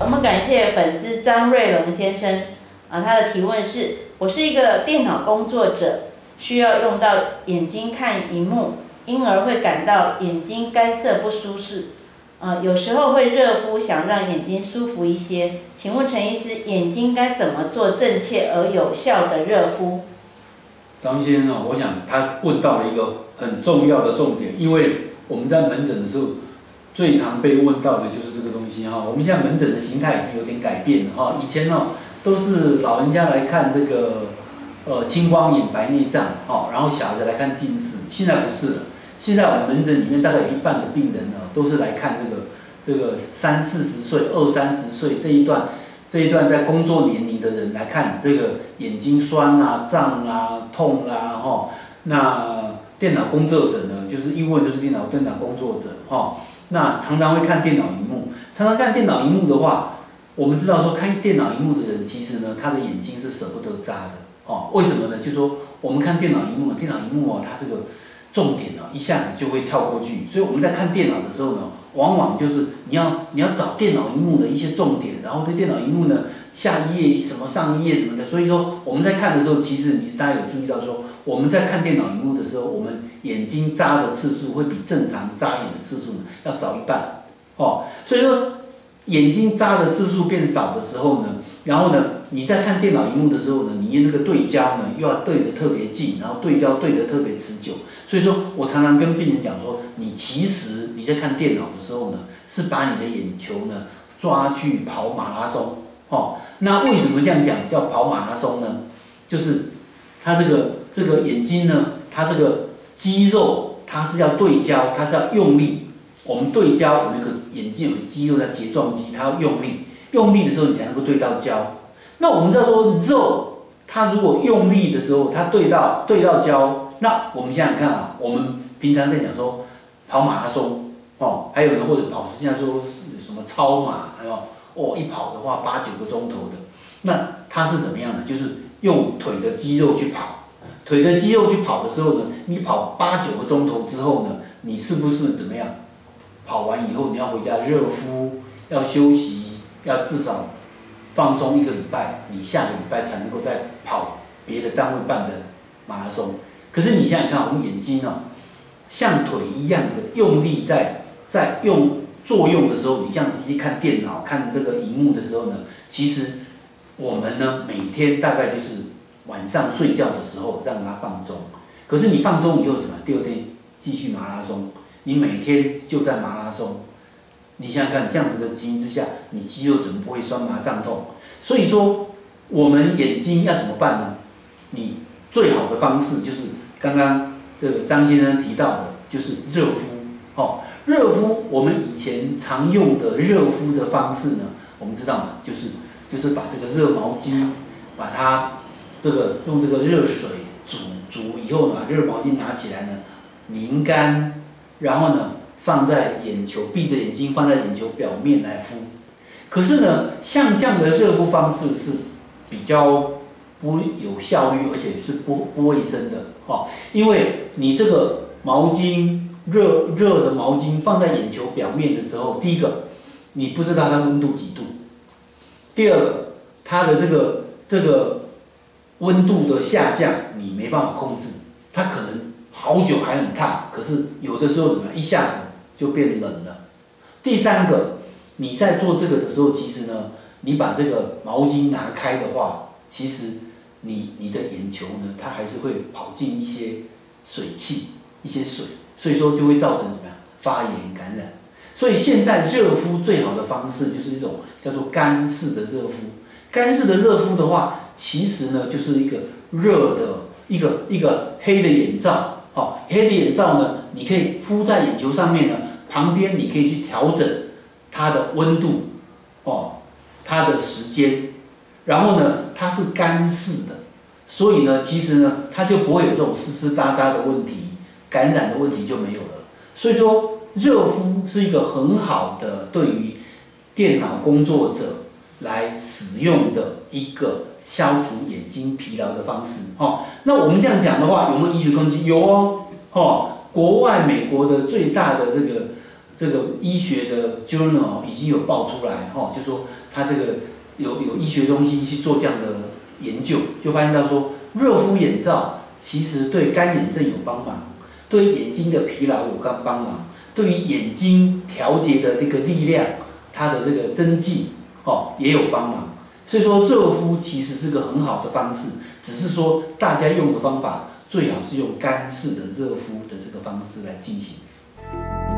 我們感謝粉絲張瑞龍先生，啊，他的提問是：我是一個電腦工作者，需要用到眼睛看螢幕，因而會感到眼睛乾澀不舒適，啊，有時候會熱敷，想讓眼睛舒服一些。請問陳醫師，眼睛該怎麼做正確而有效的熱敷？張先生，我想他問到了一個很重要的重點，因為我們在門診的時候，最常被問到的就是這個東西哈，我們現在門診的形態已經有點改變了哈。以前呢都是老人家來看這個呃青光眼、白內障，哈，然後小孩子來看近視。現在不是了，現在我們門診裡面大概有一半的病人呢都是來看這個這個三四十歲、二三十歲這一段這一段在工作年齡的人來看這個眼睛酸啊、脹啊、痛啊，哈。那電腦工作者呢，就是一問就是電腦電腦工作者，哈、哦。那常常會看電腦熒幕，常常看電腦熒幕的話，我們知道說看電腦熒幕的人，其實呢，他的眼睛是捨不得眨的哦。為什麼呢？就是說我們看電腦熒幕，電腦熒幕哦，它這個重點呢、哦，一下子就會跳過去。所以我們在看電腦的時候呢，往往就是你要你要找電腦熒幕的一些重點，然後這電腦熒幕呢。下一頁什麼上一頁什麼的，所以說我們在看的時候，其實你大家有注意到說，我們在看電腦熒幕的時候，我們眼睛眨的次數會比正常眨眼的次數呢要少一半哦。所以說眼睛眨的次數變少的時候呢，然後呢你在看電腦熒幕的時候呢，你用那個對焦呢又要對得特別近，然後對焦對得特別持久。所以說，我常常跟病人講說，你其實你在看電腦的時候呢，是把你的眼球呢抓去跑馬拉松。哦，那為什麼這樣講叫跑馬拉松呢？就是他這個這個眼睛呢，他這個肌肉，他是要對焦，他是要用力。我們對焦，我們一個眼睛有個肌肉，叫睫狀肌，它要用力。用力的時候，你才能夠對到焦。那我們在說肉，它如果用力的時候，它對到對到焦，那我們想想看啊，我們平常在講說跑馬拉松哦，還有呢，或者跑現在說什麼超馬，還有，有。哦，oh, 一跑的話八九個鐘頭的，那它是怎麼樣的？就是用腿的肌肉去跑，腿的肌肉去跑的時候呢，你跑八九個鐘頭之後呢，你是不是怎麼樣？跑完以後你要回家熱敷，要休息，要至少放鬆一個禮拜，你下個禮拜才能夠再跑別的單位辦的馬拉松。可是你想想看，我們眼睛呢、哦，像腿一樣的用力在在用。作用的時候，你這樣子一看電腦、看這個螢幕的時候呢，其實我們呢每天大概就是晚上睡覺的時候讓它放鬆。可是你放鬆以後怎麼？第二天繼續馬拉松，你每天就在馬拉松。你想想看，這樣子的基因之下，你肌肉怎麼不會酸麻脹痛？所以說，我們眼睛要怎麼辦呢？你最好的方式就是剛剛這個張先生提到的，就是熱敷哦。熱敷，我們以前常用的熱敷的方式呢，我們知道嘛，就是就是把這個熱毛巾啊，把它這個用這個熱水煮煮以後呢，把熱毛巾拿起來呢，擰乾，然後呢放在眼球，閉着眼睛放在眼球表面來敷。可是呢，像這樣的熱敷方式是比較不有效率，而且是不不衛生的哦，因為你這個毛巾。熱熱的毛巾放在眼球表面的時候，第一個，你不知道它溫度幾度；第二個，它的這個這個溫度的下降你沒辦法控制，它可能好久還很燙，可是有的時候怎麼樣一下子就變冷了。第三個，你在做這個的時候，其實呢，你把這個毛巾拿開的話，其實你你的眼球呢，它還是會跑進一些水汽。一些水，所以說就會造成怎麼樣？發炎感染。所以現在熱敷最好的方式就是一種叫做乾式的熱敷。乾式的熱敷的話，其實呢，就是一個熱的一個一個黑的眼罩哦，黑的眼罩呢，你可以敷在眼球上面呢，旁邊你可以去調整它的溫度哦，它的時間，然後呢，它是乾式的，所以呢其實呢，它就不會有這種濕濕噠噠的問題。感染的問題就沒有了，所以說熱敷是一個很好的對於電腦工作者來使用的一個消除眼睛疲勞的方式。哦，那我們這樣講的話，有沒有醫學根據？有哦，哦，國外美國的最大的這個這個醫學的 journal 已經有報出來，哦，就說它這個有有醫學中心去做這樣的研究，就發現到說熱敷眼罩其實對乾眼症有幫忙。對眼睛的疲勞有幫幫忙，對於眼睛調節的這個力量，它的這個增進哦也有幫忙。所以說熱敷其實是個很好的方式，只是說大家用的方法最好是用乾式的熱敷的這個方式來進行。